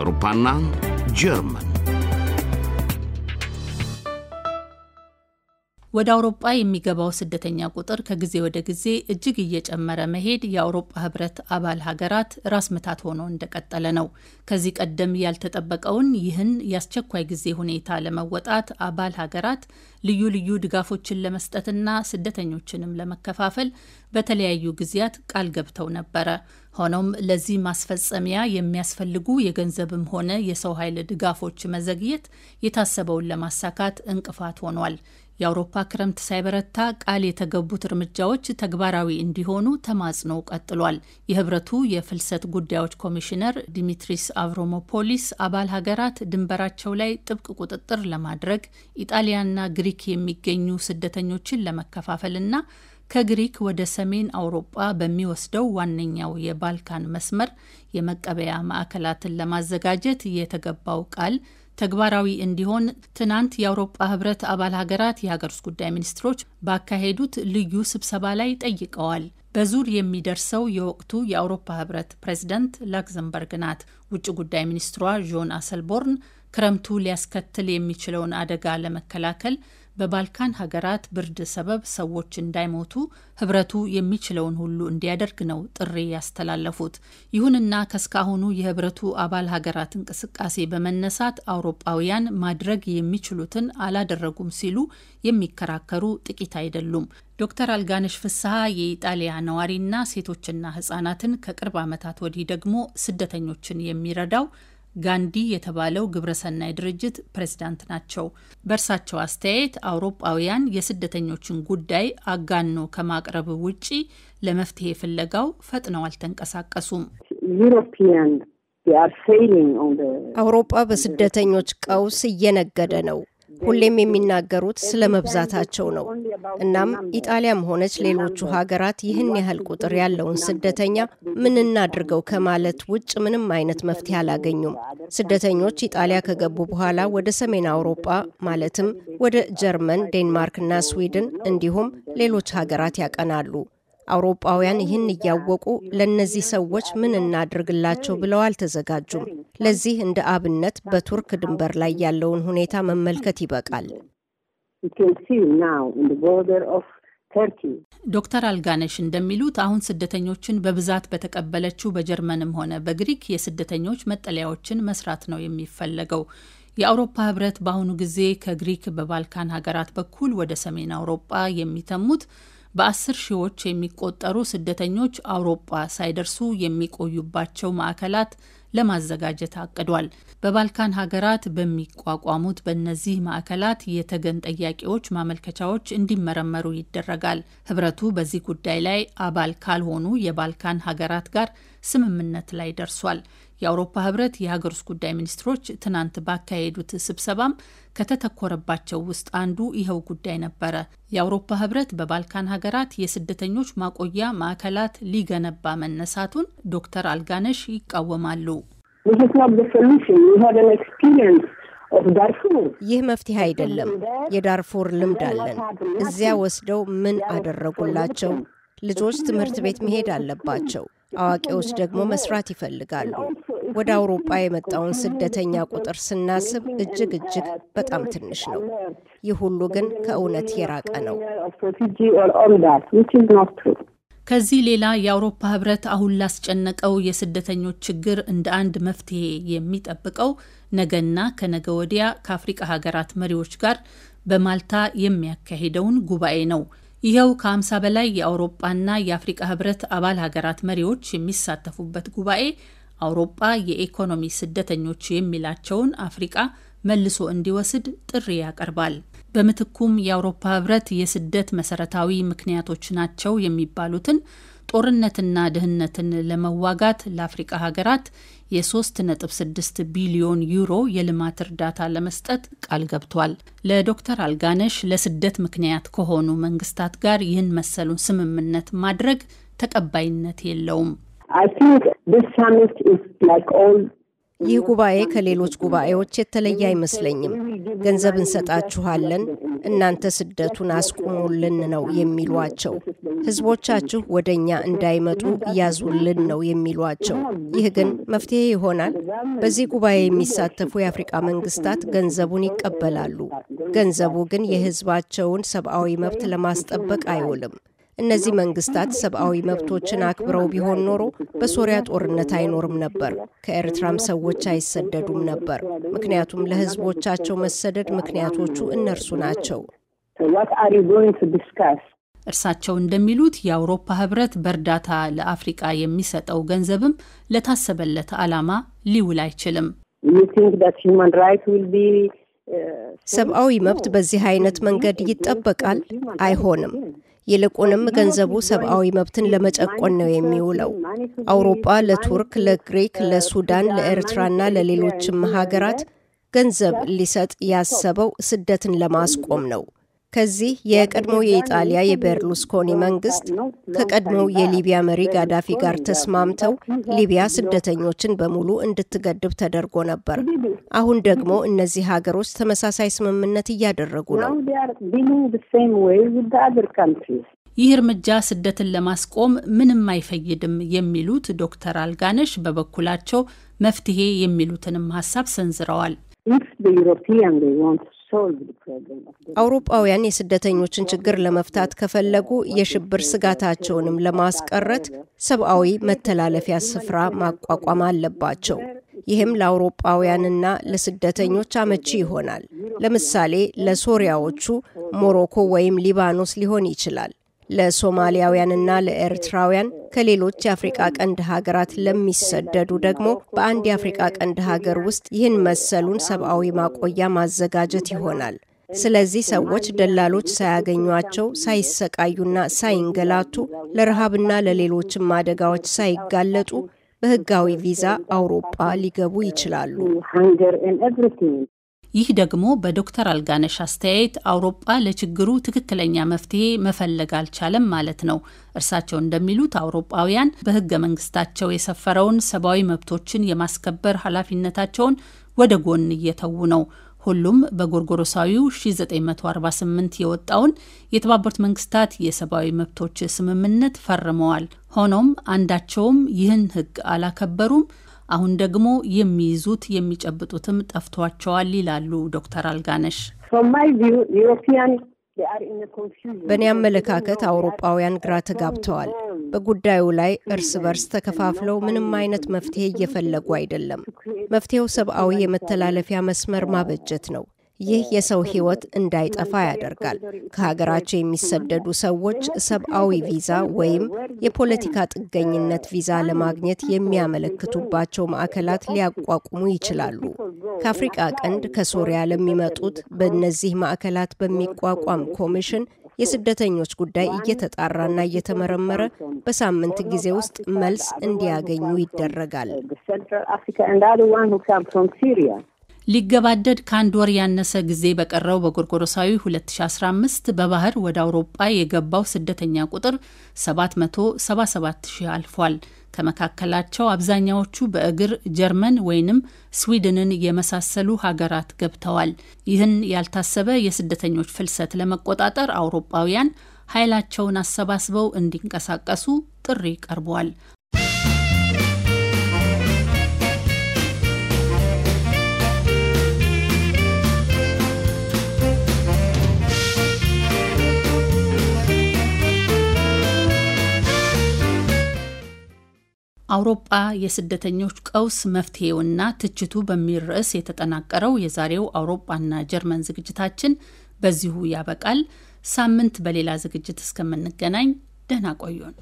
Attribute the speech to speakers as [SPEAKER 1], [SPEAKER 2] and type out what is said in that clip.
[SPEAKER 1] Rupanang Jerman
[SPEAKER 2] ወደ አውሮጳ የሚገባው ስደተኛ ቁጥር ከጊዜ ወደ ጊዜ እጅግ እየጨመረ መሄድ የአውሮጳ ህብረት አባል ሀገራት ራስ ምታት ሆኖ እንደቀጠለ ነው። ከዚህ ቀደም ያልተጠበቀውን ይህን የአስቸኳይ ጊዜ ሁኔታ ለመወጣት አባል ሀገራት ልዩ ልዩ ድጋፎችን ለመስጠትና ስደተኞችንም ለመከፋፈል በተለያዩ ጊዜያት ቃል ገብተው ነበረ። ሆኖም ለዚህ ማስፈጸሚያ የሚያስፈልጉ የገንዘብም ሆነ የሰው ኃይል ድጋፎች መዘግየት የታሰበውን ለማሳካት እንቅፋት ሆኗል። የአውሮፓ ክረምት ሳይበረታ ቃል የተገቡት እርምጃዎች ተግባራዊ እንዲሆኑ ተማጽኖ ቀጥሏል። የህብረቱ የፍልሰት ጉዳዮች ኮሚሽነር ዲሚትሪስ አቭሮሞፖሊስ አባል ሀገራት ድንበራቸው ላይ ጥብቅ ቁጥጥር ለማድረግ ኢጣሊያና ግሪክ የሚገኙ ስደተኞችን ለመከፋፈልና ከግሪክ ወደ ሰሜን አውሮጳ በሚወስደው ዋነኛው የባልካን መስመር የመቀበያ ማዕከላትን ለማዘጋጀት የተገባው ቃል ተግባራዊ እንዲሆን ትናንት የአውሮፓ ህብረት አባል ሀገራት የሀገር ውስጥ ጉዳይ ሚኒስትሮች ባካሄዱት ልዩ ስብሰባ ላይ ጠይቀዋል። በዙር የሚደርሰው የወቅቱ የአውሮፓ ህብረት ፕሬዚደንት ላክዘምበርግ ናት። ውጭ ጉዳይ ሚኒስትሯ ዦን አሰልቦርን ክረምቱ ሊያስከትል የሚችለውን አደጋ ለመከላከል በባልካን ሀገራት ብርድ ሰበብ ሰዎች እንዳይሞቱ ህብረቱ የሚችለውን ሁሉ እንዲያደርግ ነው ጥሪ ያስተላለፉት። ይሁንና ከስካሁኑ የህብረቱ አባል ሀገራት እንቅስቃሴ በመነሳት አውሮፓውያን ማድረግ የሚችሉትን አላደረጉም ሲሉ የሚከራከሩ ጥቂት አይደሉም። ዶክተር አልጋነሽ ፍስሐ የኢጣሊያ ነዋሪና ሴቶችና ህጻናትን ከቅርብ ዓመታት ወዲህ ደግሞ ስደተኞችን የሚረዳው ጋንዲ የተባለው ግብረሰናይ ድርጅት ፕሬዝዳንት ናቸው። በእርሳቸው አስተያየት አውሮፓውያን የስደተኞችን ጉዳይ አጋኖ ከማቅረብ ውጪ ለመፍትሄ ፍለጋው ፈጥነው አልተንቀሳቀሱም።
[SPEAKER 1] አውሮፓ በስደተኞች ቀውስ እየነገደ ነው። ሁሌም የሚናገሩት ስለ መብዛታቸው ነው። እናም ኢጣሊያም ሆነች ሌሎቹ ሀገራት ይህን ያህል ቁጥር ያለውን ስደተኛ ምን እናድርገው ከማለት ውጭ ምንም አይነት መፍትሄ አላገኙም። ስደተኞች ኢጣሊያ ከገቡ በኋላ ወደ ሰሜን አውሮፓ ማለትም ወደ ጀርመን፣ ዴንማርክ እና ስዊድን እንዲሁም ሌሎች ሀገራት ያቀናሉ። አውሮፓውያን ይህን እያወቁ ለእነዚህ ሰዎች ምን እናድርግላቸው ብለው አልተዘጋጁም። ለዚህ እንደ አብነት በቱርክ ድንበር ላይ ያለውን ሁኔታ መመልከት ይበቃል።
[SPEAKER 2] ዶክተር አልጋነሽ እንደሚሉት አሁን ስደተኞችን በብዛት በተቀበለችው በጀርመንም ሆነ በግሪክ የስደተኞች መጠለያዎችን መስራት ነው የሚፈለገው። የአውሮፓ ህብረት በአሁኑ ጊዜ ከግሪክ በባልካን ሀገራት በኩል ወደ ሰሜን አውሮፓ የሚተሙት በአስር ሺዎች የሚቆጠሩ ስደተኞች አውሮጳ ሳይደርሱ የሚቆዩባቸው ማዕከላት ለማዘጋጀት አቅዷል። በባልካን ሀገራት በሚቋቋሙት በእነዚህ ማዕከላት የተገን ጠያቂዎች ማመልከቻዎች እንዲመረመሩ ይደረጋል። ህብረቱ በዚህ ጉዳይ ላይ አባል ካልሆኑ የባልካን ሀገራት ጋር ስምምነት ላይ ደርሷል። የአውሮፓ ህብረት የሀገር ውስጥ ጉዳይ ሚኒስትሮች ትናንት ባካሄዱት ስብሰባም ከተተኮረባቸው ውስጥ አንዱ ይኸው ጉዳይ ነበረ። የአውሮፓ ህብረት በባልካን ሀገራት የስደተኞች ማቆያ ማዕከላት ሊገነባ መነሳቱን ዶክተር አልጋነሽ ይቃወማሉ።
[SPEAKER 1] ይህ መፍትሄ አይደለም። የዳርፎር ልምድ አለን። እዚያ ወስደው ምን አደረጉላቸው? ልጆች ትምህርት ቤት መሄድ አለባቸው። አዋቂዎች ደግሞ መስራት ይፈልጋሉ። ወደ አውሮጳ የመጣውን ስደተኛ ቁጥር ስናስብ እጅግ እጅግ በጣም ትንሽ ነው። ይህ ሁሉ ግን ከእውነት የራቀ ነው። ከዚህ ሌላ የአውሮፓ
[SPEAKER 2] ህብረት አሁን ላስጨነቀው የስደተኞች ችግር እንደ አንድ መፍትሄ የሚጠብቀው ነገና ከነገ ወዲያ ከአፍሪቃ ሀገራት መሪዎች ጋር በማልታ የሚያካሂደውን ጉባኤ ነው። ይኸው ከ50 በላይ የአውሮፓና የአፍሪቃ ህብረት አባል ሀገራት መሪዎች የሚሳተፉበት ጉባኤ አውሮጳ የኢኮኖሚ ስደተኞች የሚላቸውን አፍሪቃ መልሶ እንዲወስድ ጥሪ ያቀርባል። በምትኩም የአውሮፓ ህብረት የስደት መሰረታዊ ምክንያቶች ናቸው የሚባሉትን ጦርነትና ድህነትን ለመዋጋት ለአፍሪቃ ሀገራት የ3.6 ቢሊዮን ዩሮ የልማት እርዳታ ለመስጠት ቃል ገብቷል። ለዶክተር አልጋነሽ ለስደት ምክንያት ከሆኑ መንግስታት ጋር ይህን መሰሉን ስምምነት ማድረግ ተቀባይነት
[SPEAKER 1] የለውም። ይህ ጉባኤ ከሌሎች ጉባኤዎች የተለየ አይመስለኝም። ገንዘብ እንሰጣችኋለን፣ እናንተ ስደቱን አስቁሙልን ነው የሚሏቸው። ህዝቦቻችሁ ወደ እኛ እንዳይመጡ እያዙልን ነው የሚሏቸው። ይህ ግን መፍትሄ ይሆናል? በዚህ ጉባኤ የሚሳተፉ የአፍሪቃ መንግስታት ገንዘቡን ይቀበላሉ። ገንዘቡ ግን የህዝባቸውን ሰብአዊ መብት ለማስጠበቅ አይውልም። እነዚህ መንግስታት ሰብአዊ መብቶችን አክብረው ቢሆን ኖሮ በሶሪያ ጦርነት አይኖርም ነበር፣ ከኤርትራም ሰዎች አይሰደዱም ነበር። ምክንያቱም ለህዝቦቻቸው መሰደድ ምክንያቶቹ እነርሱ ናቸው። እርሳቸው እንደሚሉት የአውሮፓ ህብረት በእርዳታ ለአፍሪቃ
[SPEAKER 2] የሚሰጠው ገንዘብም ለታሰበለት ዓላማ ሊውል አይችልም።
[SPEAKER 1] uh, ሰብአዊ መብት በዚህ አይነት መንገድ ይጠበቃል? አይሆንም። ይልቁንም ገንዘቡ ሰብአዊ መብትን ለመጨቆን ነው የሚውለው። አውሮፓ ለቱርክ፣ ለግሪክ፣ ለሱዳን፣ ለኤርትራና ለሌሎችም ሀገራት ገንዘብ ሊሰጥ ያሰበው ስደትን ለማስቆም ነው። ከዚህ የቀድሞ የኢጣሊያ የቤርሉስኮኒ መንግስት ከቀድሞው የሊቢያ መሪ ጋዳፊ ጋር ተስማምተው ሊቢያ ስደተኞችን በሙሉ እንድትገድብ ተደርጎ ነበር። አሁን ደግሞ እነዚህ ሀገሮች ተመሳሳይ ስምምነት እያደረጉ ነው።
[SPEAKER 2] ይህ እርምጃ ስደትን ለማስቆም ምንም አይፈይድም የሚሉት ዶክተር አልጋነሽ በበኩላቸው መፍትሄ የሚሉትንም ሀሳብ
[SPEAKER 1] ሰንዝረዋል። አውሮፓውያን የስደተኞችን ችግር ለመፍታት ከፈለጉ የሽብር ስጋታቸውንም ለማስቀረት ሰብአዊ መተላለፊያ ስፍራ ማቋቋም አለባቸው። ይህም ለአውሮፓውያንና ለስደተኞች አመቺ ይሆናል። ለምሳሌ ለሶሪያዎቹ ሞሮኮ ወይም ሊባኖስ ሊሆን ይችላል። ለሶማሊያውያንና ለኤርትራውያን ከሌሎች የአፍሪቃ ቀንድ ሀገራት ለሚሰደዱ ደግሞ በአንድ የአፍሪቃ ቀንድ ሀገር ውስጥ ይህን መሰሉን ሰብአዊ ማቆያ ማዘጋጀት ይሆናል። ስለዚህ ሰዎች ደላሎች ሳያገኟቸው ሳይሰቃዩና ሳይንገላቱ ለረሃብና ለሌሎችም አደጋዎች ሳይጋለጡ በህጋዊ ቪዛ አውሮፓ ሊገቡ ይችላሉ።
[SPEAKER 2] ይህ ደግሞ በዶክተር አልጋነሽ አስተያየት አውሮጳ ለችግሩ ትክክለኛ መፍትሄ መፈለግ አልቻለም ማለት ነው። እርሳቸው እንደሚሉት አውሮጳውያን በህገ መንግስታቸው የሰፈረውን ሰብአዊ መብቶችን የማስከበር ኃላፊነታቸውን ወደ ጎን እየተዉ ነው። ሁሉም በጎርጎሮሳዊው 1948 የወጣውን የተባበሩት መንግስታት የሰብአዊ መብቶች ስምምነት ፈርመዋል። ሆኖም አንዳቸውም ይህን ህግ አላከበሩም። አሁን ደግሞ የሚይዙት የሚጨብጡትም ጠፍቷቸዋል ይላሉ ዶክተር አልጋነሽ።
[SPEAKER 1] በእኔ አመለካከት አውሮፓውያን ግራ ተጋብተዋል። በጉዳዩ ላይ እርስ በርስ ተከፋፍለው ምንም አይነት መፍትሄ እየፈለጉ አይደለም። መፍትሄው ሰብአዊ የመተላለፊያ መስመር ማበጀት ነው። ይህ የሰው ሕይወት እንዳይጠፋ ያደርጋል። ከሀገራቸው የሚሰደዱ ሰዎች ሰብአዊ ቪዛ ወይም የፖለቲካ ጥገኝነት ቪዛ ለማግኘት የሚያመለክቱባቸው ማዕከላት ሊያቋቁሙ ይችላሉ። ከአፍሪቃ ቀንድ ከሶሪያ ለሚመጡት በእነዚህ ማዕከላት በሚቋቋም ኮሚሽን የስደተኞች ጉዳይ እየተጣራና እየተመረመረ በሳምንት ጊዜ ውስጥ መልስ እንዲያገኙ ይደረጋል።
[SPEAKER 2] ሊገባደድ ከአንድ ወር ያነሰ ጊዜ በቀረው በጎርጎሮሳዊ 2015 በባህር ወደ አውሮጳ የገባው ስደተኛ ቁጥር 777 ሺህ አልፏል። ከመካከላቸው አብዛኛዎቹ በእግር ጀርመን ወይንም ስዊድንን የመሳሰሉ ሀገራት ገብተዋል። ይህን ያልታሰበ የስደተኞች ፍልሰት ለመቆጣጠር አውሮጳውያን ኃይላቸውን አሰባስበው እንዲንቀሳቀሱ ጥሪ ቀርቧል። አውሮጳ የስደተኞች ቀውስ መፍትሄውና ትችቱ በሚል ርዕስ የተጠናቀረው የዛሬው አውሮጳና ጀርመን ዝግጅታችን በዚሁ ያበቃል። ሳምንት በሌላ ዝግጅት እስከምንገናኝ ደህና ቆዩን።